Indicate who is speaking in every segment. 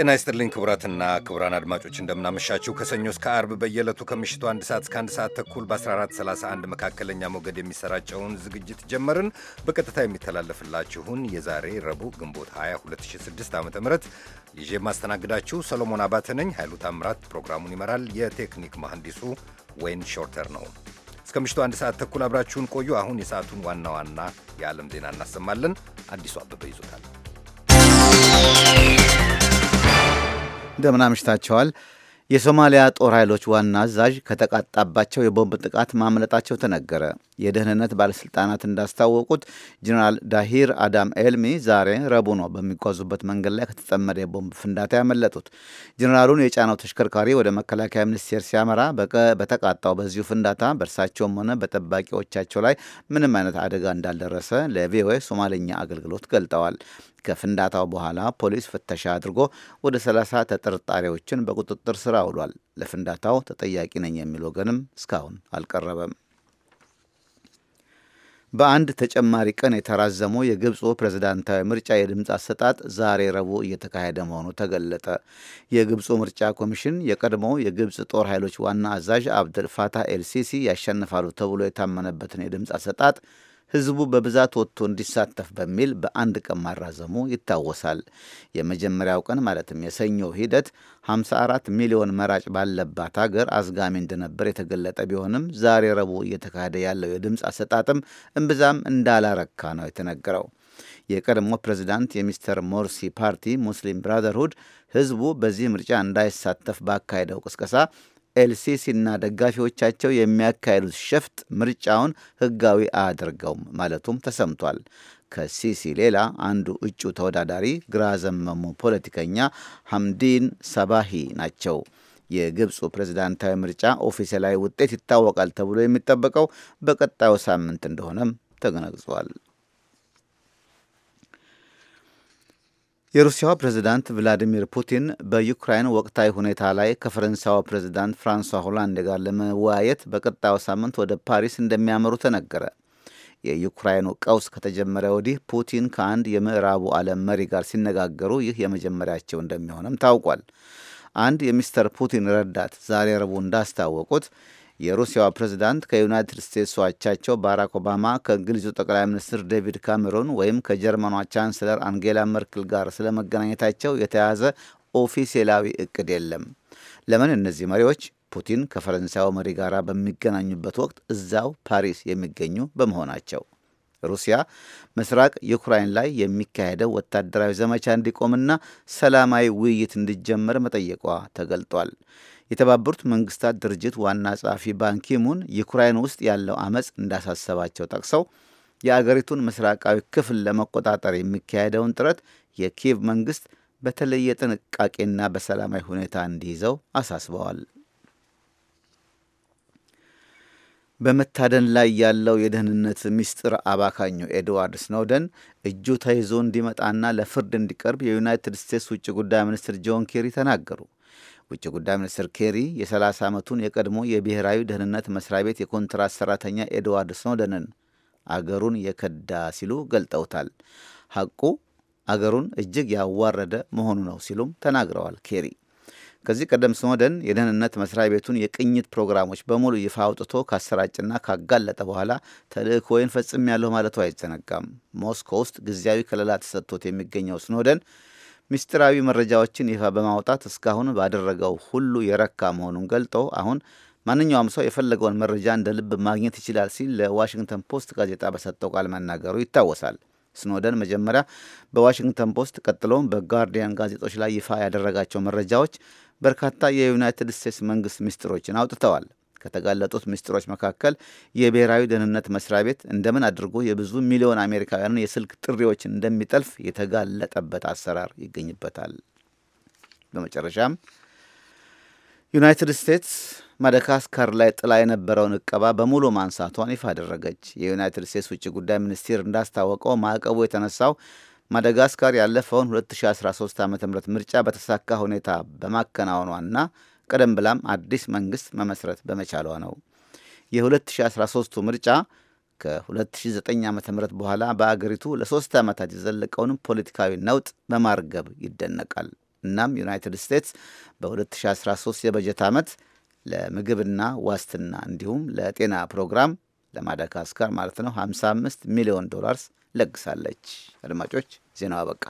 Speaker 1: ጤና ይስጥልኝ ክቡራትና ክቡራን አድማጮች እንደምናመሻችሁ። ከሰኞ እስከ አርብ በየዕለቱ ከምሽቱ አንድ ሰዓት እስከ አንድ ሰዓት ተኩል በ1431 መካከለኛ ሞገድ የሚሰራጨውን ዝግጅት ጀመርን። በቀጥታ የሚተላለፍላችሁን የዛሬ ረቡዕ ግንቦት 20 2006 ዓ ም ይዤ የማስተናግዳችሁ ሰሎሞን አባተ ነኝ። ኃይሉ ታምራት ፕሮግራሙን ይመራል። የቴክኒክ መሐንዲሱ ወይን ሾርተር ነው። እስከ ምሽቱ አንድ ሰዓት ተኩል አብራችሁን ቆዩ። አሁን የሰዓቱን ዋና ዋና የዓለም ዜና እናሰማለን። አዲሱ አበበ ይዞታል።
Speaker 2: እንደምን አምሽታቸዋል። የሶማሊያ ጦር ኃይሎች ዋና አዛዥ ከተቃጣባቸው የቦምብ ጥቃት ማምለጣቸው ተነገረ። የደህንነት ባለስልጣናት እንዳስታወቁት ጀኔራል ዳሂር አዳም ኤልሚ ዛሬ ረቡዕ ነው በሚጓዙበት መንገድ ላይ ከተጠመደ የቦምብ ፍንዳታ ያመለጡት። ጀኔራሉን የጫነው ተሽከርካሪ ወደ መከላከያ ሚኒስቴር ሲያመራ በተቃጣው በዚሁ ፍንዳታ በእርሳቸውም ሆነ በጠባቂዎቻቸው ላይ ምንም አይነት አደጋ እንዳልደረሰ ለቪኦኤ ሶማልኛ አገልግሎት ገልጠዋል። ከፍንዳታው በኋላ ፖሊስ ፍተሻ አድርጎ ወደ 30 ተጠርጣሪዎችን በቁጥጥር ስር አውሏል። ለፍንዳታው ተጠያቂ ነኝ የሚል ወገንም እስካሁን አልቀረበም። በአንድ ተጨማሪ ቀን የተራዘመው የግብፁ ፕሬዝዳንታዊ ምርጫ የድምፅ አሰጣጥ ዛሬ ረቡዕ እየተካሄደ መሆኑ ተገለጠ። የግብፁ ምርጫ ኮሚሽን የቀድሞው የግብፅ ጦር ኃይሎች ዋና አዛዥ አብደል ኤልሲሲ ያሸንፋሉ ተብሎ የታመነበትን የድምፅ አሰጣጥ ህዝቡ በብዛት ወጥቶ እንዲሳተፍ በሚል በአንድ ቀን ማራዘሙ ይታወሳል። የመጀመሪያው ቀን ማለትም የሰኞው ሂደት 54 ሚሊዮን መራጭ ባለባት አገር አዝጋሚ እንደነበር የተገለጠ ቢሆንም ዛሬ ረቡዕ እየተካሄደ ያለው የድምፅ አሰጣጥም እምብዛም እንዳላረካ ነው የተነገረው። የቀድሞ ፕሬዚዳንት የሚስተር ሞርሲ ፓርቲ ሙስሊም ብራዘርሁድ ህዝቡ በዚህ ምርጫ እንዳይሳተፍ ባካሄደው ቅስቀሳ ኤልሲሲና ደጋፊዎቻቸው የሚያካሂዱት ሸፍጥ ምርጫውን ህጋዊ አያደርገውም ማለቱም ተሰምቷል። ከሲሲ ሌላ አንዱ እጩ ተወዳዳሪ ግራ ዘመሙ ፖለቲከኛ ሐምዲን ሰባሂ ናቸው። የግብፁ ፕሬዝዳንታዊ ምርጫ ኦፊሴላዊ ውጤት ይታወቃል ተብሎ የሚጠበቀው በቀጣዩ ሳምንት እንደሆነም ተገነግጿል። የሩሲያው ፕሬዝዳንት ቭላዲሚር ፑቲን በዩክራይን ወቅታዊ ሁኔታ ላይ ከፈረንሳዩ ፕሬዝዳንት ፍራንሷ ሆላንድ ጋር ለመወያየት በቀጣዩ ሳምንት ወደ ፓሪስ እንደሚያመሩ ተነገረ። የዩክራይኑ ቀውስ ከተጀመረ ወዲህ ፑቲን ከአንድ የምዕራቡ ዓለም መሪ ጋር ሲነጋገሩ ይህ የመጀመሪያቸው እንደሚሆንም ታውቋል። አንድ የሚስተር ፑቲን ረዳት ዛሬ ረቡዕ እንዳስታወቁት የሩሲያዋ ፕሬዝዳንት ከዩናይትድ ስቴትስ አቻቸው ባራክ ኦባማ፣ ከእንግሊዙ ጠቅላይ ሚኒስትር ዴቪድ ካሜሮን ወይም ከጀርመኗ ቻንስለር አንጌላ መርክል ጋር ስለመገናኘታቸው የተያዘ ኦፊሴላዊ እቅድ የለም። ለምን እነዚህ መሪዎች ፑቲን ከፈረንሳዩ መሪ ጋር በሚገናኙበት ወቅት እዛው ፓሪስ የሚገኙ በመሆናቸው ሩሲያ ምስራቅ ዩክራይን ላይ የሚካሄደው ወታደራዊ ዘመቻ እንዲቆምና ሰላማዊ ውይይት እንዲጀመር መጠየቋ ተገልጧል። የተባበሩት መንግስታት ድርጅት ዋና ጸሐፊ ባንኪሙን ዩክራይን ውስጥ ያለው አመፅ እንዳሳሰባቸው ጠቅሰው የአገሪቱን ምስራቃዊ ክፍል ለመቆጣጠር የሚካሄደውን ጥረት የኪየቭ መንግስት በተለየ ጥንቃቄና በሰላማዊ ሁኔታ እንዲይዘው አሳስበዋል። በመታደን ላይ ያለው የደህንነት ሚስጥር አባካኙ ኤድዋርድ ስኖደን እጁ ተይዞ እንዲመጣና ለፍርድ እንዲቀርብ የዩናይትድ ስቴትስ ውጭ ጉዳይ ሚኒስትር ጆን ኬሪ ተናገሩ። ውጭ ጉዳይ ሚኒስትር ኬሪ የ30 ዓመቱን የቀድሞ የብሔራዊ ደህንነት መስሪያ ቤት የኮንትራት ሰራተኛ ኤድዋርድ ስኖደንን አገሩን የከዳ ሲሉ ገልጠውታል። ሐቁ አገሩን እጅግ ያዋረደ መሆኑ ነው ሲሉም ተናግረዋል ኬሪ። ከዚህ ቀደም ስኖደን የደህንነት መስሪያ ቤቱን የቅኝት ፕሮግራሞች በሙሉ ይፋ አውጥቶ ካሰራጭና ካጋለጠ በኋላ ተልእኮዬን ያለሁ ማለቱ አይዘነጋም። ሞስኮ ውስጥ ጊዜያዊ ከለላ ተሰጥቶት የሚገኘው ስኖደን ምስጢራዊ መረጃዎችን ይፋ በማውጣት እስካሁን ባደረገው ሁሉ የረካ መሆኑን ገልጦ አሁን ማንኛውም ሰው የፈለገውን መረጃ እንደ ልብ ማግኘት ይችላል ሲል ለዋሽንግተን ፖስት ጋዜጣ በሰጠው ቃል መናገሩ ይታወሳል። ስኖደን መጀመሪያ በዋሽንግተን ፖስት ቀጥሎም በጋርዲያን ጋዜጦች ላይ ይፋ ያደረጋቸው መረጃዎች በርካታ የዩናይትድ ስቴትስ መንግስት ምስጢሮችን አውጥተዋል። ከተጋለጡት ምስጢሮች መካከል የብሔራዊ ደህንነት መስሪያ ቤት እንደምን አድርጎ የብዙ ሚሊዮን አሜሪካውያንን የስልክ ጥሪዎች እንደሚጠልፍ የተጋለጠበት አሰራር ይገኝበታል። በመጨረሻም ዩናይትድ ስቴትስ ማደጋስካር ላይ ጥላ የነበረውን እቀባ በሙሉ ማንሳቷን ይፋ አደረገች። የዩናይትድ ስቴትስ ውጭ ጉዳይ ሚኒስቴር እንዳስታወቀው ማዕቀቡ የተነሳው ማደጋስካር ያለፈውን 2013 ዓ ም ምርጫ በተሳካ ሁኔታ በማከናወኗና ቀደም ብላም አዲስ መንግስት መመስረት በመቻሏ ነው። የ2013ቱ ምርጫ ከ2009 ዓ ም በኋላ በአገሪቱ ለሶስት ዓመታት የዘለቀውን ፖለቲካዊ ነውጥ በማርገብ ይደነቃል። እናም ዩናይትድ ስቴትስ በ2013 የበጀት ዓመት ለምግብና ዋስትና እንዲሁም ለጤና ፕሮግራም ለማዳጋስካር ማለት ነው 55 ሚሊዮን ዶላርስ ለግሳለች።
Speaker 1: አድማጮች ዜናው አበቃ።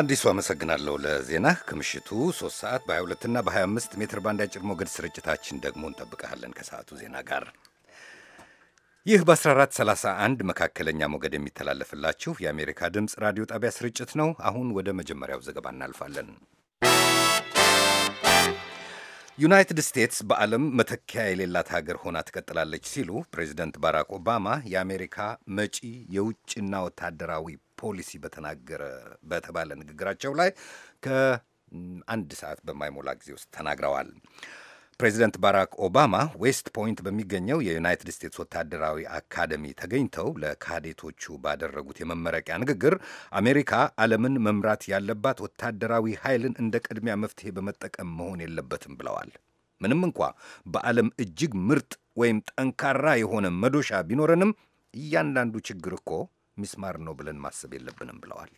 Speaker 1: አዲሱ አመሰግናለሁ ለዜና ከምሽቱ 3 ሰዓት በ22 ና በ25 ሜትር ባንድ አጭር ሞገድ ስርጭታችን ደግሞ እንጠብቀሃለን ከሰዓቱ ዜና ጋር። ይህ በ1431 መካከለኛ ሞገድ የሚተላለፍላችሁ የአሜሪካ ድምፅ ራዲዮ ጣቢያ ስርጭት ነው። አሁን ወደ መጀመሪያው ዘገባ እናልፋለን። ዩናይትድ ስቴትስ በዓለም መተኪያ የሌላት ሀገር ሆና ትቀጥላለች ሲሉ ፕሬዚደንት ባራክ ኦባማ የአሜሪካ መጪ የውጭና ወታደራዊ ፖሊሲ በተናገረ በተባለ ንግግራቸው ላይ ከአንድ ሰዓት በማይሞላ ጊዜ ውስጥ ተናግረዋል። ፕሬዚደንት ባራክ ኦባማ ዌስት ፖይንት በሚገኘው የዩናይትድ ስቴትስ ወታደራዊ አካደሚ ተገኝተው ለካዴቶቹ ባደረጉት የመመረቂያ ንግግር አሜሪካ ዓለምን መምራት ያለባት ወታደራዊ ኃይልን እንደ ቅድሚያ መፍትሄ በመጠቀም መሆን የለበትም ብለዋል። ምንም እንኳ በዓለም እጅግ ምርጥ ወይም ጠንካራ የሆነ መዶሻ ቢኖረንም እያንዳንዱ ችግር እኮ ሚስማር ነው ብለን ማሰብ የለብንም ብለዋል።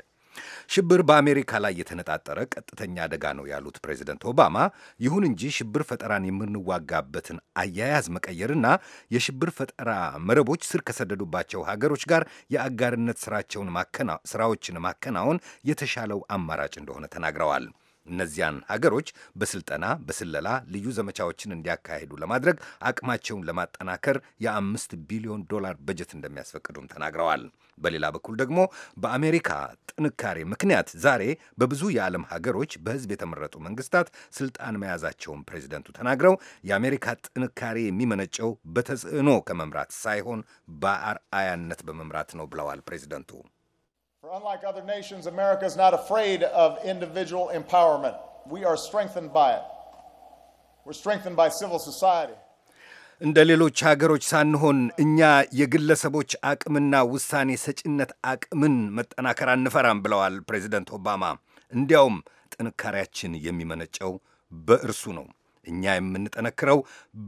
Speaker 1: ሽብር በአሜሪካ ላይ የተነጣጠረ ቀጥተኛ አደጋ ነው ያሉት ፕሬዚደንት ኦባማ፣ ይሁን እንጂ ሽብር ፈጠራን የምንዋጋበትን አያያዝ መቀየርና የሽብር ፈጠራ መረቦች ስር ከሰደዱባቸው ሀገሮች ጋር የአጋርነት ስራቸውን ስራዎችን ማከናወን የተሻለው አማራጭ እንደሆነ ተናግረዋል። እነዚያን ሀገሮች በስልጠና በስለላ ልዩ ዘመቻዎችን እንዲያካሄዱ ለማድረግ አቅማቸውን ለማጠናከር የአምስት ቢሊዮን ዶላር በጀት እንደሚያስፈቅዱም ተናግረዋል። በሌላ በኩል ደግሞ በአሜሪካ ጥንካሬ ምክንያት ዛሬ በብዙ የዓለም ሀገሮች በሕዝብ የተመረጡ መንግስታት ስልጣን መያዛቸውን ፕሬዚደንቱ ተናግረው የአሜሪካ ጥንካሬ የሚመነጨው በተጽዕኖ ከመምራት ሳይሆን በአርአያነት በመምራት ነው ብለዋል ፕሬዚደንቱ።
Speaker 2: For unlike other nations, America is not afraid of individual empowerment. We are strengthened by it. We're strengthened by civil society.
Speaker 1: እንደ ሌሎች ሀገሮች ሳንሆን እኛ የግለሰቦች አቅምና ውሳኔ ሰጭነት አቅምን መጠናከር አንፈራም ብለዋል ፕሬዚደንት ኦባማ። እንዲያውም ጥንካሬያችን የሚመነጨው በእርሱ ነው። እኛ የምንጠነክረው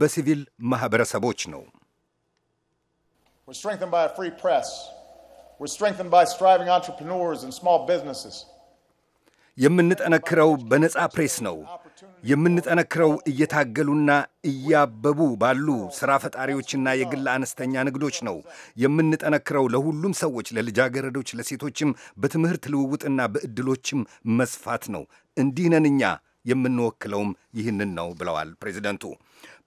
Speaker 1: በሲቪል ማኅበረሰቦች ነው።
Speaker 2: We're strengthened by a free press. We're strengthened by striving
Speaker 1: entrepreneurs and small businesses. የምንጠነክረው በነጻ ፕሬስ ነው። የምንጠነክረው እየታገሉና እያበቡ ባሉ ሥራ ፈጣሪዎችና የግል አነስተኛ ንግዶች ነው። የምንጠነክረው ለሁሉም ሰዎች፣ ለልጃገረዶች፣ ለሴቶችም በትምህርት ልውውጥና በዕድሎችም መስፋት ነው። እንዲህ ነን እኛ። የምንወክለውም ይህንን ነው ብለዋል ፕሬዚደንቱ።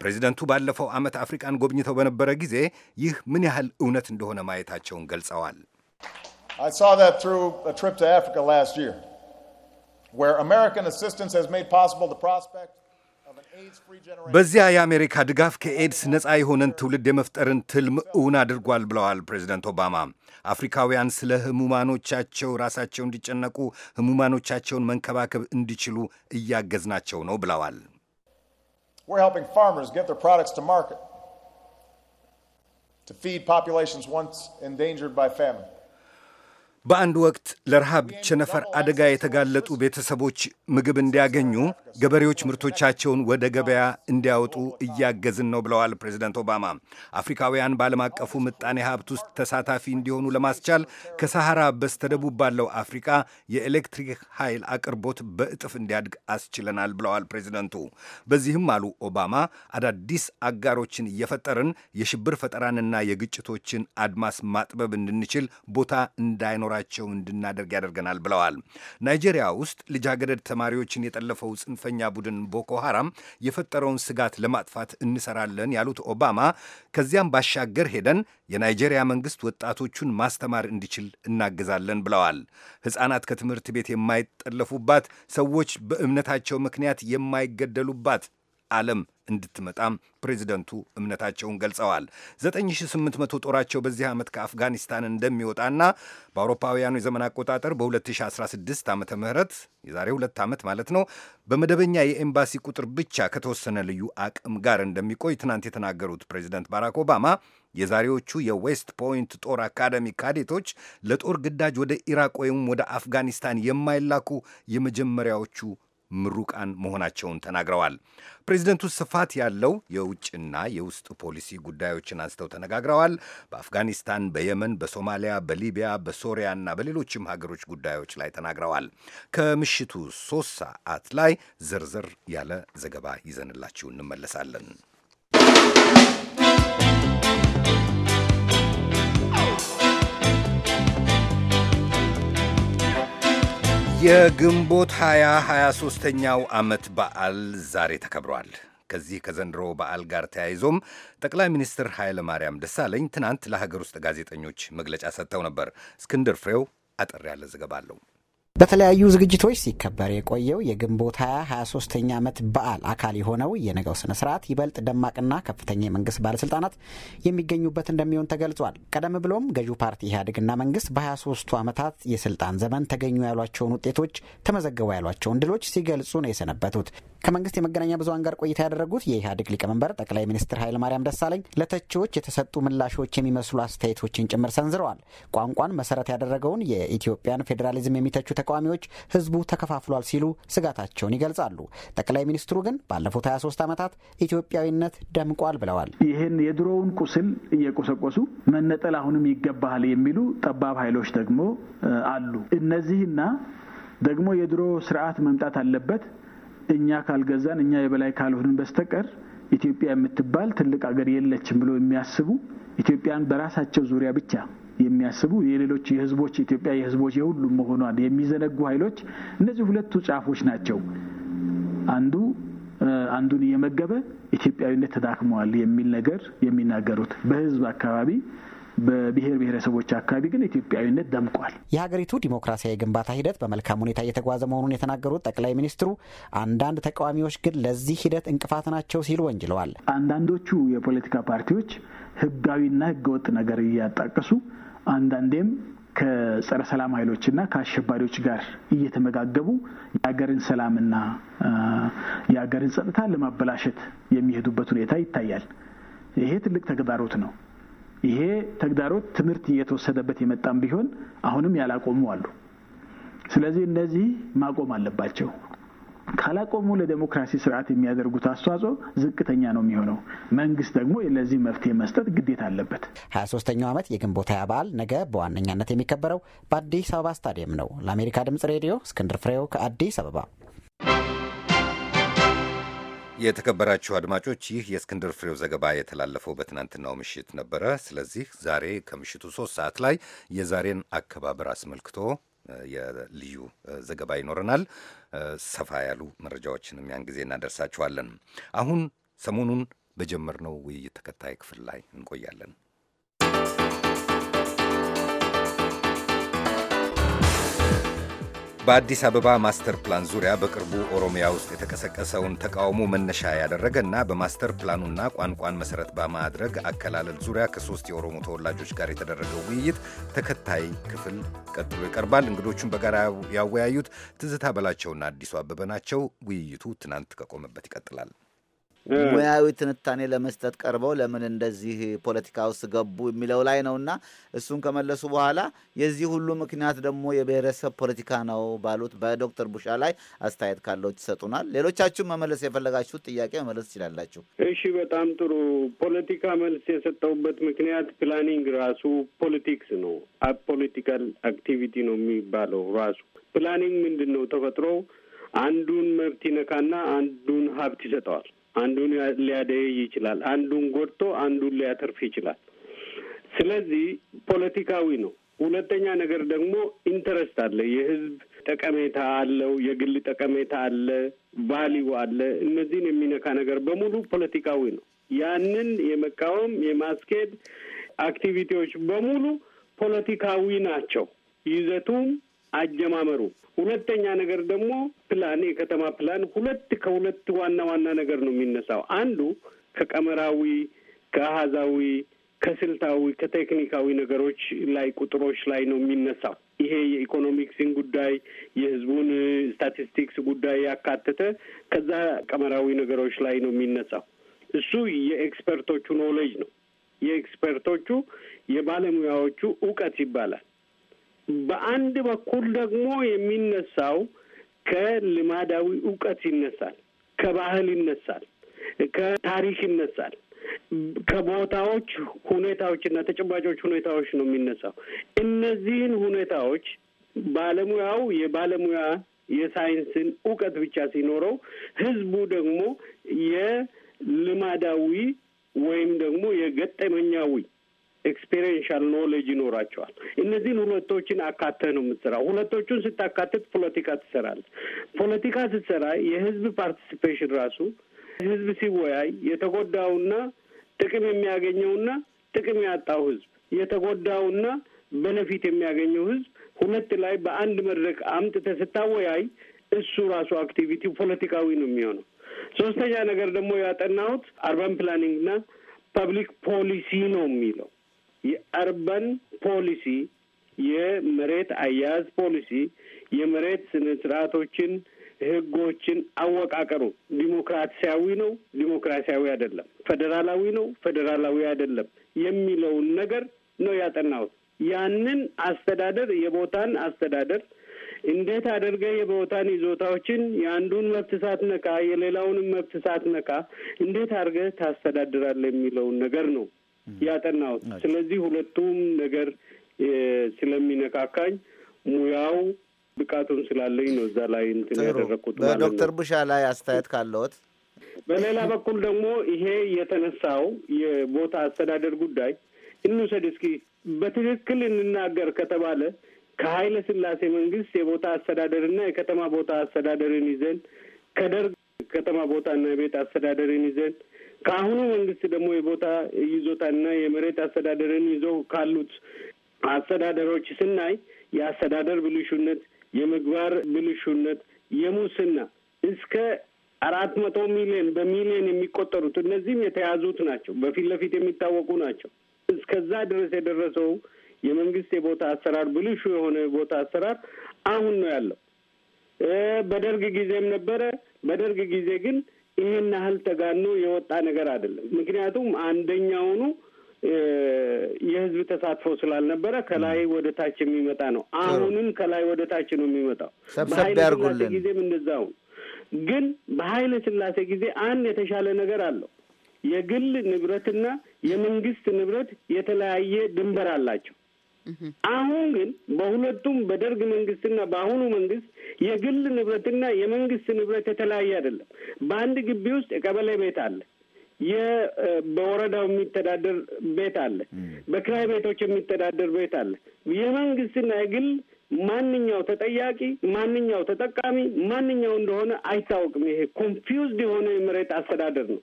Speaker 1: ፕሬዚደንቱ ባለፈው ዓመት አፍሪቃን ጎብኝተው በነበረ ጊዜ ይህ ምን ያህል እውነት እንደሆነ ማየታቸውን ገልጸዋል። I saw
Speaker 2: that through a trip to Africa last year, where American assistance has made possible the prospect.
Speaker 1: በዚያ የአሜሪካ ድጋፍ ከኤድስ ነፃ የሆነን ትውልድ የመፍጠርን ትልም እውን አድርጓል ብለዋል ፕሬዚደንት ኦባማ። አፍሪካውያን ስለ ህሙማኖቻቸው ራሳቸው እንዲጨነቁ፣ ህሙማኖቻቸውን መንከባከብ እንዲችሉ እያገዝናቸው ነው ብለዋል። ፋርመርስ በአንድ ወቅት ለረሃብ ቸነፈር አደጋ የተጋለጡ ቤተሰቦች ምግብ እንዲያገኙ ገበሬዎች ምርቶቻቸውን ወደ ገበያ እንዲያወጡ እያገዝን ነው ብለዋል ፕሬዚደንት ኦባማ። አፍሪካውያን በዓለም አቀፉ ምጣኔ ሀብት ውስጥ ተሳታፊ እንዲሆኑ ለማስቻል ከሰሃራ በስተደቡብ ባለው አፍሪካ የኤሌክትሪክ ኃይል አቅርቦት በእጥፍ እንዲያድግ አስችለናል ብለዋል ፕሬዚደንቱ። በዚህም አሉ ኦባማ፣ አዳዲስ አጋሮችን እየፈጠርን የሽብር ፈጠራንና የግጭቶችን አድማስ ማጥበብ እንድንችል ቦታ እንዳይኖር እንዲኖራቸው እንድናደርግ ያደርገናል ብለዋል። ናይጄሪያ ውስጥ ልጃገረድ ተማሪዎችን የጠለፈው ጽንፈኛ ቡድን ቦኮ ሃራም የፈጠረውን ስጋት ለማጥፋት እንሰራለን ያሉት ኦባማ ከዚያም ባሻገር ሄደን የናይጄሪያ መንግስት ወጣቶቹን ማስተማር እንዲችል እናግዛለን ብለዋል። ሕፃናት ከትምህርት ቤት የማይጠለፉባት፣ ሰዎች በእምነታቸው ምክንያት የማይገደሉባት ዓለም እንድትመጣም ፕሬዚደንቱ እምነታቸውን ገልጸዋል። 9800 ጦራቸው በዚህ ዓመት ከአፍጋኒስታን እንደሚወጣና በአውሮፓውያኑ የዘመን አቆጣጠር በ2016 ዓ ም የዛሬ ሁለት ዓመት ማለት ነው በመደበኛ የኤምባሲ ቁጥር ብቻ ከተወሰነ ልዩ አቅም ጋር እንደሚቆይ ትናንት የተናገሩት ፕሬዚደንት ባራክ ኦባማ የዛሬዎቹ የዌስት ፖይንት ጦር አካደሚ ካዴቶች ለጦር ግዳጅ ወደ ኢራቅ ወይም ወደ አፍጋኒስታን የማይላኩ የመጀመሪያዎቹ ምሩቃን መሆናቸውን ተናግረዋል። ፕሬዚደንቱ ስፋት ያለው የውጭና የውስጥ ፖሊሲ ጉዳዮችን አንስተው ተነጋግረዋል። በአፍጋኒስታን፣ በየመን፣ በሶማሊያ፣ በሊቢያ፣ በሶሪያና በሌሎችም ሀገሮች ጉዳዮች ላይ ተናግረዋል። ከምሽቱ ሶስት ሰዓት ላይ ዝርዝር ያለ ዘገባ ይዘንላችሁ እንመለሳለን። የግንቦት 20 23ኛው ዓመት በዓል ዛሬ ተከብሯል። ከዚህ ከዘንድሮ በዓል ጋር ተያይዞም ጠቅላይ ሚኒስትር ኃይለ ማርያም ደሳለኝ ትናንት ለሀገር ውስጥ ጋዜጠኞች መግለጫ ሰጥተው ነበር። እስክንድር ፍሬው አጠር ያለ ዘገባ አለው።
Speaker 3: በተለያዩ ዝግጅቶች ሲከበር የቆየው የግንቦት 20 23 ዓመት በዓል አካል የሆነው የነገው ስነ ስርዓት ይበልጥ ደማቅና ከፍተኛ የመንግስት ባለስልጣናት የሚገኙበት እንደሚሆን ተገልጿል። ቀደም ብሎም ገዢው ፓርቲ ኢህአዴግና መንግስት በ23ቱ ዓመታት የስልጣን ዘመን ተገኙ ያሏቸውን ውጤቶች፣ ተመዘገቡ ያሏቸውን ድሎች ሲገልጹ ነው የሰነበቱት። ከመንግስት የመገናኛ ብዙሀን ጋር ቆይታ ያደረጉት የኢህአዴግ ሊቀመንበር ጠቅላይ ሚኒስትር ኃይለማርያም ደሳለኝ ለተቺዎች የተሰጡ ምላሾች የሚመስሉ አስተያየቶችን ጭምር ሰንዝረዋል። ቋንቋን መሰረት ያደረገውን የኢትዮጵያን ፌዴራሊዝም የሚተቹ ተቃዋሚዎች ህዝቡ ተከፋፍሏል ሲሉ ስጋታቸውን ይገልጻሉ። ጠቅላይ ሚኒስትሩ ግን ባለፉት 23 ዓመታት ኢትዮጵያዊነት ደምቋል ብለዋል።
Speaker 4: ይህን የድሮውን ቁስል እየቆሰቆሱ መነጠል አሁንም ይገባሃል የሚሉ ጠባብ ኃይሎች ደግሞ አሉ። እነዚህና ደግሞ የድሮ ስርዓት መምጣት አለበት እኛ ካልገዛን እኛ የበላይ ካልሆንን በስተቀር ኢትዮጵያ የምትባል ትልቅ አገር የለችም ብሎ የሚያስቡ ኢትዮጵያን በራሳቸው ዙሪያ ብቻ የሚያስቡ የሌሎች የህዝቦች የኢትዮጵያ የህዝቦች የሁሉም መሆኗን የሚዘነጉ ኃይሎች እነዚህ ሁለቱ ጫፎች ናቸው። አንዱ አንዱን እየመገበ ኢትዮጵያዊነት ተዳክመዋል የሚል ነገር የሚናገሩት በህዝብ አካባቢ በብሔር ብሔረሰቦች አካባቢ ግን ኢትዮጵያዊነት ደምቋል። የሀገሪቱ
Speaker 3: ዲሞክራሲያዊ ግንባታ ሂደት በመልካም ሁኔታ እየተጓዘ መሆኑን የተናገሩት ጠቅላይ ሚኒስትሩ አንዳንድ ተቃዋሚዎች ግን ለዚህ ሂደት እንቅፋት ናቸው ሲሉ ወንጅለዋል።
Speaker 4: አንዳንዶቹ የፖለቲካ ፓርቲዎች ህጋዊና ህገወጥ ነገር እያጣቀሱ አንዳንዴም ከጸረ ሰላም ኃይሎችና ከአሸባሪዎች ጋር እየተመጋገቡ የሀገርን ሰላምና የሀገርን ጸጥታ ለማበላሸት የሚሄዱበት ሁኔታ ይታያል። ይሄ ትልቅ ተግዳሮት ነው። ይሄ ተግዳሮት ትምህርት እየተወሰደበት የመጣም ቢሆን አሁንም ያላቆሙ አሉ። ስለዚህ እነዚህ ማቆም አለባቸው። ካላቆሙ ለዴሞክራሲ ስርዓት የሚያደርጉት አስተዋጽኦ ዝቅተኛ ነው የሚሆነው። መንግስት ደግሞ ለዚህ መፍትሄ መስጠት ግዴታ አለበት።
Speaker 3: ሀያ ሶስተኛው ዓመት የግንቦት ሀያ በዓል ነገ በዋነኛነት የሚከበረው በአዲስ አበባ ስታዲየም ነው። ለአሜሪካ ድምጽ ሬዲዮ እስክንድር ፍሬው ከአዲስ አበባ።
Speaker 1: የተከበራችሁ አድማጮች ይህ የእስክንድር ፍሬው ዘገባ የተላለፈው በትናንትናው ምሽት ነበረ። ስለዚህ ዛሬ ከምሽቱ ሶስት ሰዓት ላይ የዛሬን አከባበር አስመልክቶ የልዩ ዘገባ ይኖረናል። ሰፋ ያሉ መረጃዎችንም ያን ጊዜ እናደርሳችኋለን። አሁን ሰሞኑን በጀመርነው ውይይት ተከታይ ክፍል ላይ እንቆያለን። በአዲስ አበባ ማስተር ፕላን ዙሪያ በቅርቡ ኦሮሚያ ውስጥ የተቀሰቀሰውን ተቃውሞ መነሻ ያደረገና በማስተር ፕላኑና ቋንቋን መሰረት በማድረግ አከላለል ዙሪያ ከሶስት የኦሮሞ ተወላጆች ጋር የተደረገው ውይይት ተከታይ ክፍል ቀጥሎ ይቀርባል። እንግዶቹን በጋራ ያወያዩት ትዝታ በላቸውና አዲሱ አበበ ናቸው። ውይይቱ ትናንት ከቆመበት ይቀጥላል። ሙያዊ
Speaker 2: ትንታኔ ለመስጠት ቀርበው ለምን እንደዚህ ፖለቲካ ውስጥ ገቡ የሚለው ላይ ነው እና እሱን ከመለሱ በኋላ የዚህ ሁሉ ምክንያት ደግሞ የብሔረሰብ ፖለቲካ ነው ባሉት በዶክተር ቡሻ ላይ አስተያየት ካለው ይሰጡናል። ሌሎቻችሁ መመለስ የፈለጋችሁት ጥያቄ መመለስ ትችላላችሁ።
Speaker 5: እሺ፣ በጣም ጥሩ። ፖለቲካ መልስ የሰጠውበት ምክንያት ፕላኒንግ ራሱ ፖለቲክስ ነው፣ ፖለቲካል አክቲቪቲ ነው የሚባለው ራሱ ፕላኒንግ ምንድን ነው? ተፈጥሮ አንዱን መብት ይነካና አንዱን ሀብት ይሰጠዋል። አንዱን ሊያደይ ይችላል። አንዱን ጎድቶ አንዱን ሊያተርፍ ይችላል። ስለዚህ ፖለቲካዊ ነው። ሁለተኛ ነገር ደግሞ ኢንተረስት አለ። የህዝብ ጠቀሜታ አለው፣ የግል ጠቀሜታ አለ፣ ቫሊዩ አለ። እነዚህን የሚነካ ነገር በሙሉ ፖለቲካዊ ነው። ያንን የመቃወም የማስኬድ አክቲቪቲዎች በሙሉ ፖለቲካዊ ናቸው። ይዘቱም አጀማመሩም። ሁለተኛ ነገር ደግሞ ፕላን የከተማ ፕላን ሁለት ከሁለት ዋና ዋና ነገር ነው የሚነሳው። አንዱ ከቀመራዊ፣ ከአሃዛዊ፣ ከስልታዊ፣ ከቴክኒካዊ ነገሮች ላይ ቁጥሮች ላይ ነው የሚነሳው። ይሄ የኢኮኖሚክስን ጉዳይ የህዝቡን ስታቲስቲክስ ጉዳይ ያካተተ ከዛ ቀመራዊ ነገሮች ላይ ነው የሚነሳው። እሱ የኤክስፐርቶቹ ኖሌጅ ነው። የኤክስፐርቶቹ የባለሙያዎቹ እውቀት ይባላል። በአንድ በኩል ደግሞ የሚነሳው ከልማዳዊ እውቀት ይነሳል፣ ከባህል ይነሳል፣ ከታሪክ ይነሳል፣ ከቦታዎች ሁኔታዎችና ተጨባጮች ሁኔታዎች ነው የሚነሳው። እነዚህን ሁኔታዎች ባለሙያው የባለሙያ የሳይንስን እውቀት ብቻ ሲኖረው ህዝቡ ደግሞ የልማዳዊ ወይም ደግሞ የገጠመኛዊ ኤክስፔሪንሻል ኖሌጅ ይኖራቸዋል። እነዚህን ሁለቶችን አካተህ ነው የምትሰራው። ሁለቶቹን ስታካትት ፖለቲካ ትሰራል። ፖለቲካ ስትሰራ የህዝብ ፓርቲሲፔሽን ራሱ ህዝብ ሲወያይ የተጎዳውና ጥቅም የሚያገኘውና ጥቅም ያጣው ህዝብ የተጎዳውና በነፊት የሚያገኘው ህዝብ ሁለት ላይ በአንድ መድረክ አምጥተህ ስታወያይ እሱ ራሱ አክቲቪቲ ፖለቲካዊ ነው የሚሆነው። ሶስተኛ ነገር ደግሞ ያጠናሁት አርባን ፕላኒንግና ፐብሊክ ፖሊሲ ነው የሚለው የአርባን ፖሊሲ የመሬት አያያዝ ፖሊሲ የመሬት ስነ ስርዓቶችን ህጎችን አወቃቀሩ ዲሞክራሲያዊ ነው፣ ዲሞክራሲያዊ አይደለም፣ ፌዴራላዊ ነው፣ ፌዴራላዊ አይደለም የሚለውን ነገር ነው ያጠናሁት። ያንን አስተዳደር የቦታን አስተዳደር እንዴት አድርገህ የቦታን ይዞታዎችን የአንዱን መብት ሳትነካ የሌላውንም መብት ሳትነካ እንዴት አድርገህ ታስተዳድራለህ የሚለውን ነገር ነው ያጠናሁት። ስለዚህ ሁለቱም ነገር ስለሚነካካኝ ሙያው ብቃቱን ስላለኝ ነው እዛ ላይ እንትን ያደረግኩት። በዶክተር
Speaker 2: ቡሻ ላይ አስተያየት ካለዎት?
Speaker 5: በሌላ በኩል ደግሞ ይሄ የተነሳው የቦታ አስተዳደር ጉዳይ እንውሰድ እስኪ በትክክል እንናገር ከተባለ ከኃይለ ሥላሴ መንግስት የቦታ አስተዳደርና የከተማ ቦታ አስተዳደርን ይዘን ከደርግ ከተማ ቦታና የቤት አስተዳደርን ይዘን ከአሁኑ መንግስት ደግሞ የቦታ ይዞታና የመሬት አስተዳደርን ይዘው ካሉት አስተዳደሮች ስናይ የአስተዳደር ብልሹነት፣ የምግባር ብልሹነት፣ የሙስና እስከ አራት መቶ ሚሊዮን በሚሊዮን የሚቆጠሩት እነዚህም የተያዙት ናቸው። በፊት ለፊት የሚታወቁ ናቸው። እስከዛ ድረስ የደረሰው የመንግስት የቦታ አሰራር ብልሹ የሆነ የቦታ አሰራር አሁን ነው ያለው። በደርግ ጊዜም ነበረ። በደርግ ጊዜ ግን ይህን ያህል ተጋኖ የወጣ ነገር አይደለም። ምክንያቱም አንደኛውኑ የህዝብ ተሳትፎ ስላልነበረ ከላይ ወደ ታች የሚመጣ ነው። አሁንም ከላይ ወደ ታች ነው የሚመጣው። ሰብሰብ ያርጉልን ጊዜም እንደዛው። ግን በኃይለ ስላሴ ጊዜ አንድ የተሻለ ነገር አለው። የግል ንብረትና የመንግስት ንብረት የተለያየ ድንበር አላቸው። አሁን ግን በሁለቱም በደርግ መንግስትና በአሁኑ መንግስት የግል ንብረትና የመንግስት ንብረት የተለያየ አይደለም። በአንድ ግቢ ውስጥ የቀበሌ ቤት አለ። በወረዳው የሚተዳደር ቤት አለ። በክራይ ቤቶች የሚተዳደር ቤት አለ። የመንግስትና የግል ማንኛው ተጠያቂ ማንኛው ተጠቃሚ ማንኛው እንደሆነ አይታወቅም። ይሄ ኮንፊውዝድ የሆነ የመሬት አስተዳደር ነው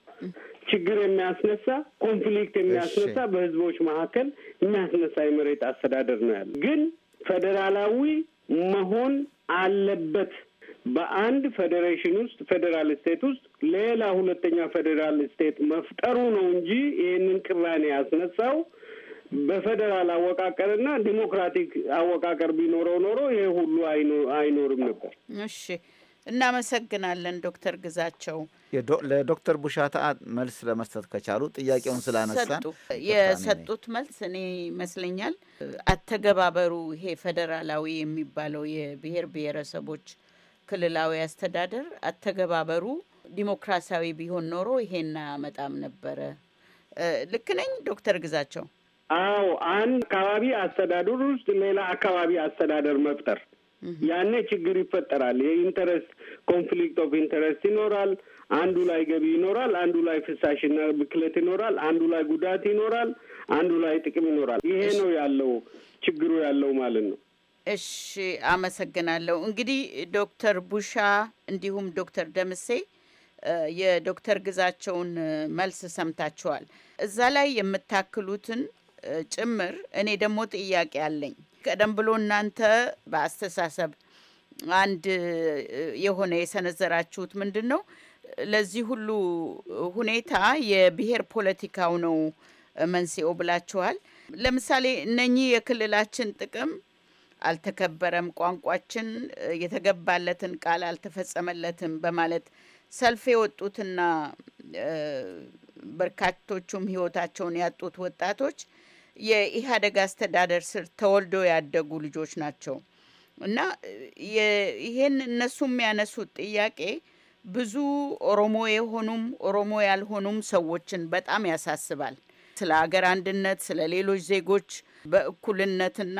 Speaker 5: ችግር የሚያስነሳ ኮንፍሊክት የሚያስነሳ በህዝቦች መካከል የሚያስነሳ የመሬት አስተዳደር ነው ያለ። ግን ፌዴራላዊ መሆን አለበት። በአንድ ፌዴሬሽን ውስጥ ፌዴራል ስቴት ውስጥ ሌላ ሁለተኛ ፌዴራል ስቴት መፍጠሩ ነው እንጂ ይህንን ቅራኔ ያስነሳው በፌዴራል አወቃቀርና ዲሞክራቲክ አወቃቀር ቢኖረው ኖሮ ይሄ
Speaker 2: ሁሉ አይኖርም ነበር።
Speaker 6: እሺ፣ እናመሰግናለን ዶክተር ግዛቸው።
Speaker 2: ለዶክተር ቡሻታ መልስ ለመስጠት ከቻሉ ጥያቄውን ስላነሳን የሰጡት
Speaker 6: መልስ እኔ ይመስለኛል አተገባበሩ ይሄ ፌዴራላዊ የሚባለው የብሔር ብሔረሰቦች ክልላዊ አስተዳደር አተገባበሩ ዲሞክራሲያዊ ቢሆን ኖሮ ይሄና መጣም ነበረ። ልክ ነኝ ዶክተር ግዛቸው?
Speaker 5: አዎ አንድ አካባቢ አስተዳደር ውስጥ ሌላ አካባቢ አስተዳደር መፍጠር ያኔ ችግር ይፈጠራል። የኢንተረስት ኮንፍሊክት ኦፍ ኢንተረስት ይኖራል። አንዱ ላይ ገቢ ይኖራል፣ አንዱ ላይ ፍሳሽና ብክለት ይኖራል፣ አንዱ ላይ ጉዳት ይኖራል፣ አንዱ ላይ ጥቅም ይኖራል። ይሄ ነው ያለው ችግሩ ያለው ማለት ነው።
Speaker 6: እሺ አመሰግናለሁ። እንግዲህ ዶክተር ቡሻ እንዲሁም ዶክተር ደምሴ የዶክተር ግዛቸውን መልስ ሰምታችኋል። እዛ ላይ የምታክሉትን ጭምር። እኔ ደግሞ ጥያቄ አለኝ። ቀደም ብሎ እናንተ በአስተሳሰብ አንድ የሆነ የሰነዘራችሁት ምንድን ነው? ለዚህ ሁሉ ሁኔታ የብሔር ፖለቲካው ነው መንስኤው ብላችኋል። ለምሳሌ እነኚህ የክልላችን ጥቅም አልተከበረም፣ ቋንቋችን የተገባለትን ቃል አልተፈጸመለትም በማለት ሰልፍ የወጡትና በርካቶቹም ሕይወታቸውን ያጡት ወጣቶች የኢህአዴግ አስተዳደር ስር ተወልዶ ያደጉ ልጆች ናቸው እና ይሄን እነሱ የሚያነሱት ጥያቄ ብዙ ኦሮሞ የሆኑም ኦሮሞ ያልሆኑም ሰዎችን በጣም ያሳስባል። ስለ ሀገር አንድነት፣ ስለ ሌሎች ዜጎች በእኩልነትና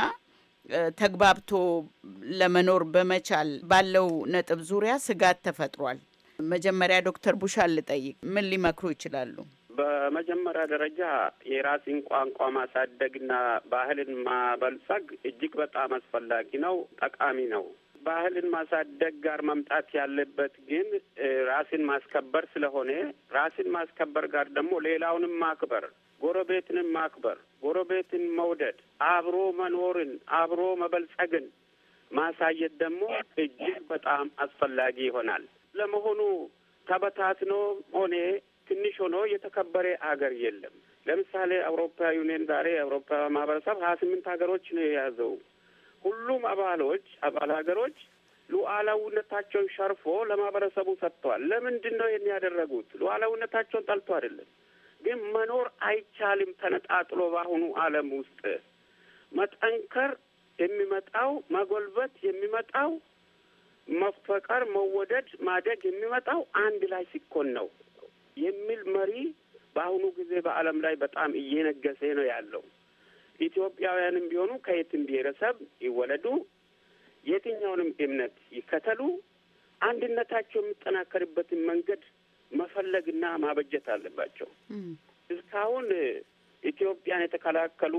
Speaker 6: ተግባብቶ ለመኖር በመቻል ባለው ነጥብ ዙሪያ ስጋት ተፈጥሯል። መጀመሪያ ዶክተር ቡሻን ልጠይቅ፣ ምን ሊመክሩ ይችላሉ?
Speaker 5: በመጀመሪያ ደረጃ የራስን ቋንቋ ማሳደግና ባህልን ማበልጸግ እጅግ በጣም አስፈላጊ ነው፣ ጠቃሚ ነው። ባህልን ማሳደግ ጋር መምጣት ያለበት ግን ራስን ማስከበር ስለሆነ ራስን ማስከበር ጋር ደግሞ ሌላውንም ማክበር፣ ጎረቤትንም ማክበር፣ ጎረቤትን መውደድ፣ አብሮ መኖርን፣ አብሮ መበልጸግን ማሳየት ደግሞ እጅግ በጣም አስፈላጊ ይሆናል። ለመሆኑ ተበታትኖ ሆኔ ትንሽ ሆኖ የተከበረ አገር የለም። ለምሳሌ አውሮፓ ዩኒየን ዛሬ የአውሮፓ ማህበረሰብ ሀያ ስምንት ሀገሮች ነው የያዘው። ሁሉም አባሎች አባል ሀገሮች ሉዓላዊነታቸውን ሸርፎ ለማህበረሰቡ ሰጥተዋል። ለምንድን ነው ይህን ያደረጉት? ሉዓላዊነታቸውን ጠልቶ አይደለም፣ ግን መኖር አይቻልም ተነጣጥሎ በአሁኑ ዓለም ውስጥ መጠንከር የሚመጣው መጎልበት የሚመጣው መፈቀር፣ መወደድ፣ ማደግ የሚመጣው አንድ ላይ ሲኮን ነው። የሚል መሪ በአሁኑ ጊዜ በዓለም ላይ በጣም እየነገሰ ነው ያለው። ኢትዮጵያውያንም ቢሆኑ ከየትም ብሔረሰብ ይወለዱ፣ የትኛውንም እምነት ይከተሉ፣ አንድነታቸው የሚጠናከርበትን መንገድ መፈለግና ማበጀት አለባቸው። እስካሁን ኢትዮጵያን የተከላከሉ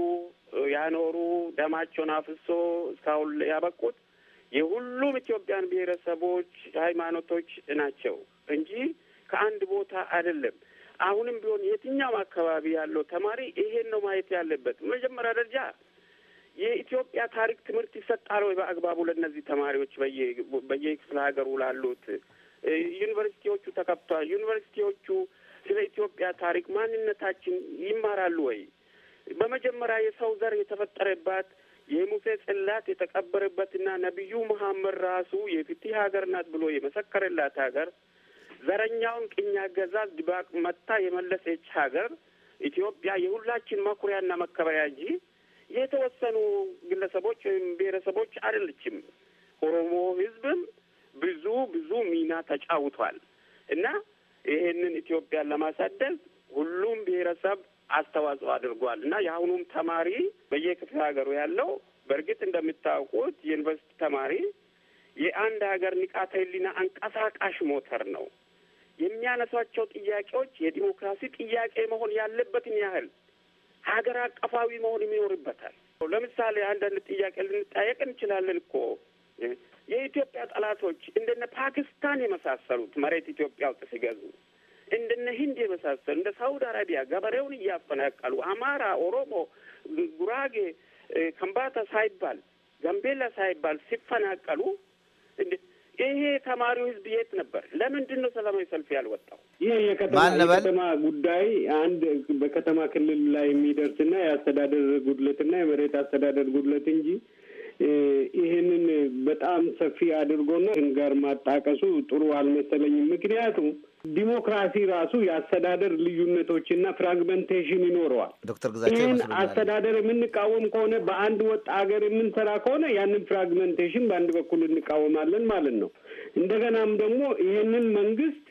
Speaker 5: ያኖሩ፣ ደማቸውን አፍሶ እስካሁን ያበቁት የሁሉም ኢትዮጵያን ብሔረሰቦች፣ ሃይማኖቶች ናቸው እንጂ ከአንድ ቦታ አይደለም። አሁንም ቢሆን የትኛው አካባቢ ያለው ተማሪ ይሄን ነው ማየት ያለበት። መጀመሪያ ደረጃ የኢትዮጵያ ታሪክ ትምህርት ይሰጣል ወይ በአግባቡ ለእነዚህ ተማሪዎች በየክፍለ ሀገሩ ላሉት ዩኒቨርሲቲዎቹ ተከፍቷል። ዩኒቨርሲቲዎቹ ስለ ኢትዮጵያ ታሪክ ማንነታችን ይማራሉ ወይ? በመጀመሪያ የሰው ዘር የተፈጠረባት የሙሴ ጽላት የተቀበረበትና ነቢዩ መሐመድ ራሱ የፍትህ ሀገር ናት ብሎ የመሰከረላት ሀገር ዘረኛውን ቅኝ አገዛዝ ድባቅ መታ የመለሰች ሀገር ኢትዮጵያ የሁላችን መኩሪያና መከበሪያ እንጂ የተወሰኑ ግለሰቦች ወይም ብሔረሰቦች አይደለችም። ኦሮሞ ህዝብም ብዙ ብዙ ሚና ተጫውቷል እና ይሄንን ኢትዮጵያን ለማሳደግ ሁሉም ብሔረሰብ አስተዋጽኦ አድርጓል እና የአሁኑም ተማሪ በየክፍለ ሀገሩ ያለው በእርግጥ እንደምታውቁት የዩኒቨርሲቲ ተማሪ የአንድ ሀገር ንቃተ ህሊና አንቀሳቃሽ ሞተር ነው። የሚያነሷቸው ጥያቄዎች የዲሞክራሲ ጥያቄ መሆን ያለበትን ያህል ሀገር አቀፋዊ መሆን ይኖርበታል። ለምሳሌ አንዳንድ ጥያቄ ልንጠየቅ እንችላለን እኮ የኢትዮጵያ ጠላቶች እንደነ ፓኪስታን የመሳሰሉት መሬት ኢትዮጵያ ውስጥ ሲገዙ እንደነ ህንድ የመሳሰሉ እንደ ሳውዲ አረቢያ ገበሬውን እያፈናቀሉ አማራ፣ ኦሮሞ፣ ጉራጌ፣ ከምባታ ሳይባል ጋምቤላ ሳይባል ሲፈናቀሉ ይሄ ተማሪው ህዝብ የት ነበር? ለምንድን ነው ሰላማዊ ሰልፍ ያልወጣው? ይሄ የከተማ ጉዳይ አንድ በከተማ ክልል ላይ የሚደርስና የአስተዳደር ጉድለትና የመሬት አስተዳደር ጉድለት እንጂ ይህንን በጣም ሰፊ አድርጎና ጋር ማጣቀሱ ጥሩ አልመሰለኝም። ምክንያቱም ዲሞክራሲ ራሱ የአስተዳደር ልዩነቶችና ፍራግመንቴሽን ይኖረዋል።
Speaker 2: ዶክተር ግዛቸው ይህን
Speaker 5: አስተዳደር የምንቃወም ከሆነ በአንድ ወጥ ሀገር የምንሰራ ከሆነ ያንን ፍራግመንቴሽን በአንድ በኩል እንቃወማለን ማለት ነው። እንደገናም ደግሞ ይህንን መንግስት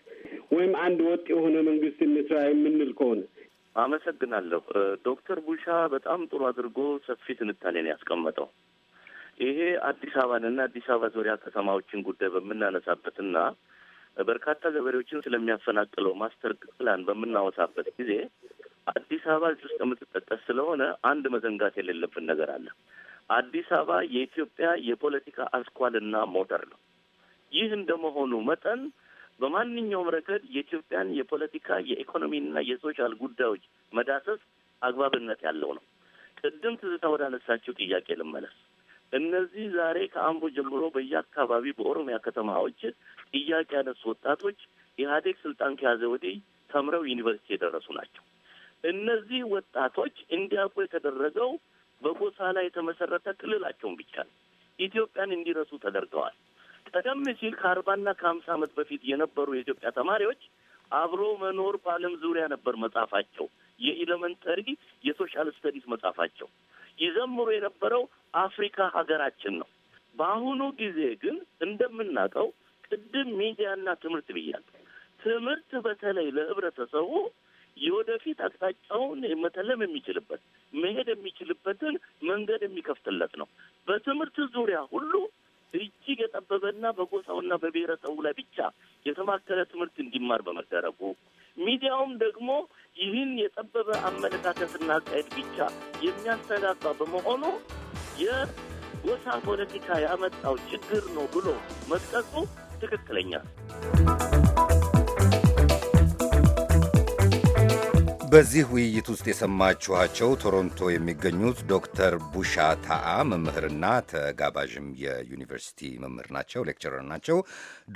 Speaker 5: ወይም አንድ ወጥ የሆነ መንግስት እንስራ የምንል ከሆነ
Speaker 7: አመሰግናለሁ። ዶክተር ቡሻ በጣም ጥሩ አድርጎ ሰፊ ትንታኔ ነው ያስቀመጠው። ይሄ አዲስ አበባንና አዲስ አበባ ዙሪያ ከተማዎችን ጉዳይ በምናነሳበትና በርካታ ገበሬዎችን ስለሚያፈናቅለው ማስተር ፕላን በምናወሳበት ጊዜ አዲስ አበባ እዚህ ውስጥ የምትጠቀስ ስለሆነ አንድ መዘንጋት የሌለብን ነገር አለ። አዲስ አበባ የኢትዮጵያ የፖለቲካ አስኳልና ሞተር ነው። ይህ እንደመሆኑ መጠን በማንኛውም ረገድ የኢትዮጵያን የፖለቲካ የኢኮኖሚና የሶሻል ጉዳዮች መዳሰስ አግባብነት ያለው ነው። ቅድም ትዝታ ወዳነሳችው ጥያቄ ልመለስ። እነዚህ ዛሬ ከአምቦ ጀምሮ በየአካባቢ በኦሮሚያ ከተማዎች ጥያቄ ያነሱ ወጣቶች ኢህአዴግ ስልጣን ከያዘ ወዲህ ተምረው ዩኒቨርሲቲ የደረሱ ናቸው። እነዚህ ወጣቶች እንዲያውቁ የተደረገው በጎሳ ላይ የተመሰረተ ክልላቸውን ብቻ ነው። ኢትዮጵያን እንዲረሱ ተደርገዋል። ቀደም ሲል ከአርባና ከሀምሳ ዓመት በፊት የነበሩ የኢትዮጵያ ተማሪዎች አብሮ መኖር በዓለም ዙሪያ ነበር መጽሐፋቸው የኢለመንተሪ የሶሻል ስተዲስ መጽሐፋቸው ይዘምሩ የነበረው አፍሪካ ሀገራችን ነው። በአሁኑ ጊዜ ግን እንደምናውቀው ቅድም ሚዲያና ትምህርት ብያለሁ። ትምህርት በተለይ ለህብረተሰቡ የወደፊት አቅጣጫውን መተለም የሚችልበት መሄድ የሚችልበትን መንገድ የሚከፍትለት ነው። በትምህርት ዙሪያ ሁሉ እጅግ የጠበበና በጎሳውና በብሔረሰቡ ላይ ብቻ የተማከለ ትምህርት እንዲማር በመደረጉ ሚዲያውም ደግሞ ይህን የጠበበ አመለካከትና አካሄድ ብቻ የሚያስተጋባ በመሆኑ የጎሳ ፖለቲካ ያመጣው ችግር ነው ብሎ መስጠቱ ትክክለኛ
Speaker 1: በዚህ ውይይት ውስጥ የሰማችኋቸው ቶሮንቶ የሚገኙት ዶክተር ቡሻ ታአ መምህርና ተጋባዥም የዩኒቨርሲቲ መምህር ናቸው፣ ሌክቸረር ናቸው።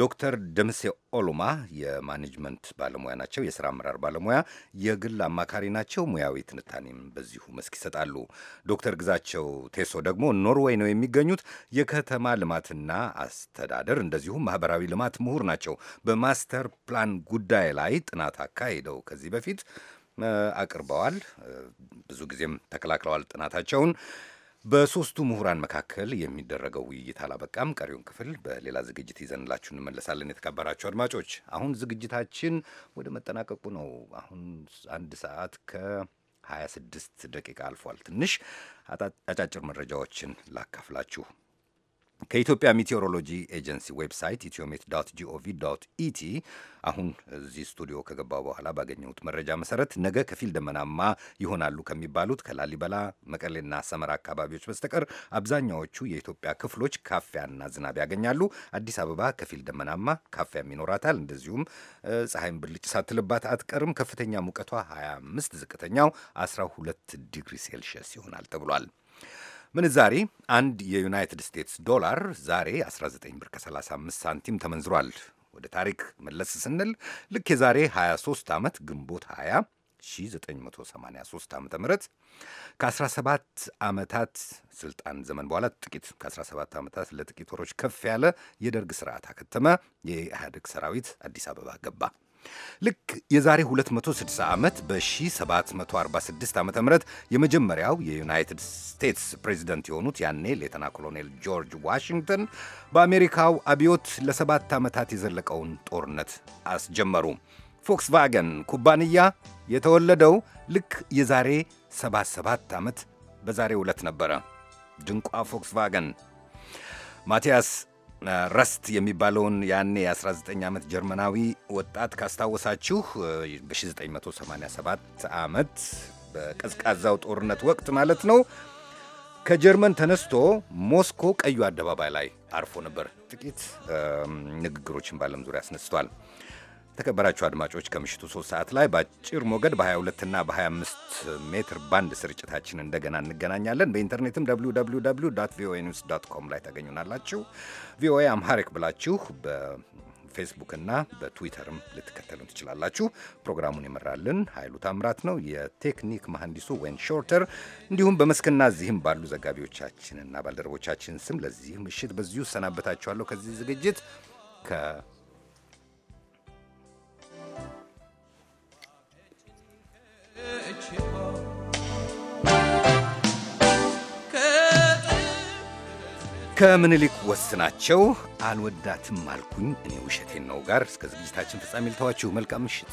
Speaker 1: ዶክተር ደምሴ ኦሉማ የማኔጅመንት ባለሙያ ናቸው፣ የስራ አመራር ባለሙያ፣ የግል አማካሪ ናቸው። ሙያዊ ትንታኔም በዚሁ መስክ ይሰጣሉ። ዶክተር ግዛቸው ቴሶ ደግሞ ኖርዌይ ነው የሚገኙት። የከተማ ልማትና አስተዳደር እንደዚሁም ማህበራዊ ልማት ምሁር ናቸው። በማስተር ፕላን ጉዳይ ላይ ጥናት አካሂደው ከዚህ በፊት አቅርበዋል። ብዙ ጊዜም ተከላክለዋል ጥናታቸውን። በሶስቱ ምሁራን መካከል የሚደረገው ውይይት አላበቃም። ቀሪውን ክፍል በሌላ ዝግጅት ይዘንላችሁ እንመለሳለን። የተከበራችሁ አድማጮች፣ አሁን ዝግጅታችን ወደ መጠናቀቁ ነው። አሁን አንድ ሰዓት ከ26 ደቂቃ አልፏል። ትንሽ አጫጭር መረጃዎችን ላካፍላችሁ። ከኢትዮጵያ ሜቴዎሮሎጂ ኤጀንሲ ዌብሳይት ኢትዮሜት ዶት ጂኦቪ ዶት ኢቲ አሁን እዚህ ስቱዲዮ ከገባ በኋላ ባገኘሁት መረጃ መሰረት ነገ ከፊል ደመናማ ይሆናሉ ከሚባሉት ከላሊበላ መቀሌና ሰመራ አካባቢዎች በስተቀር አብዛኛዎቹ የኢትዮጵያ ክፍሎች ካፊያና ዝናብ ያገኛሉ። አዲስ አበባ ከፊል ደመናማ ካፊያም ይኖራታል። እንደዚሁም ፀሐይም ብልጭ ሳትልባት አትቀርም። ከፍተኛ ሙቀቷ 25፣ ዝቅተኛው 12 ዲግሪ ሴልሺየስ ይሆናል ተብሏል። ምንዛሬ አንድ የዩናይትድ ስቴትስ ዶላር ዛሬ 19 ብር ከ35 ሳንቲም ተመንዝሯል። ወደ ታሪክ መለስ ስንል ልክ የዛሬ 23 ዓመት ግንቦት 20 1983 ዓ ም ከ17 ዓመታት ስልጣን ዘመን በኋላ ጥቂት ከ17 ዓመታት ለጥቂት ወሮች ከፍ ያለ የደርግ ስርዓት አከተመ። የኢህአዴግ ሰራዊት አዲስ አበባ ገባ። ልክ የዛሬ 260 ዓመት በ1746 ዓ ም የመጀመሪያው የዩናይትድ ስቴትስ ፕሬዚደንት የሆኑት ያኔ ሌተና ኮሎኔል ጆርጅ ዋሽንግተን በአሜሪካው አብዮት ለሰባት ዓመታት የዘለቀውን ጦርነት አስጀመሩ። ፎክስቫገን ኩባንያ የተወለደው ልክ የዛሬ 77 ዓመት በዛሬ ዕለት ነበረ። ድንቋ ፎክስቫገን ማቲያስ ረስት የሚባለውን ያኔ የ19 ዓመት ጀርመናዊ ወጣት ካስታወሳችሁ በ1987 ዓመት በቀዝቃዛው ጦርነት ወቅት ማለት ነው። ከጀርመን ተነስቶ ሞስኮ ቀዩ አደባባይ ላይ አርፎ ነበር። ጥቂት ንግግሮችን ባለም ዙሪያ አስነስቷል። የተከበራችሁ አድማጮች ከምሽቱ 3 ሰዓት ላይ በአጭር ሞገድ በ22 እና በ25 ሜትር ባንድ ስርጭታችን እንደገና እንገናኛለን። በኢንተርኔትም www ቪኦኤ ኒውስ ዶት ኮም ላይ ታገኙናላችሁ። ቪኦኤ አምሃሪክ ብላችሁ በፌስቡክ እና በትዊተርም ልትከተሉን ትችላላችሁ። ፕሮግራሙን የመራልን ኃይሉ ታምራት ነው። የቴክኒክ መሐንዲሱ ዌን ሾርተር፣ እንዲሁም በመስክና እዚህም ባሉ ዘጋቢዎቻችንና ባልደረቦቻችን ስም ለዚህ ምሽት በዚሁ ሰናበታችኋለሁ ከዚህ ዝግጅት ከምኒልክ ወስናቸው አልወዳትም አልኩኝ እኔ ውሸቴን ነው ጋር እስከ ዝግጅታችን ፍጻሜ ልተዋችሁ። መልካም ምሽት።